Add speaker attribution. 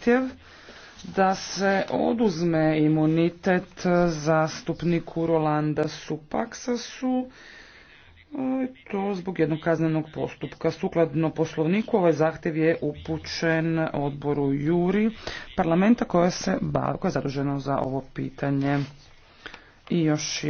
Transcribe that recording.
Speaker 1: zahtjev da se oduzme imunitet zastupniku Rolanda Supaksasu e, to zbog jednog kaznenog postupka. Sukladno poslovniku ovaj zahtjev je upućen odboru Juri parlamenta koja se je zadužena za ovo pitanje.
Speaker 2: I još